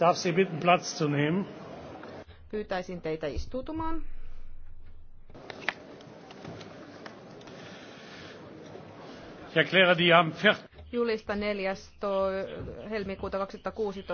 darf Sie bitten, Platz zu nehmen. Pyytäisin teitä istuutumaan. Ich erkläre die Julista 4. helmikuuta 2016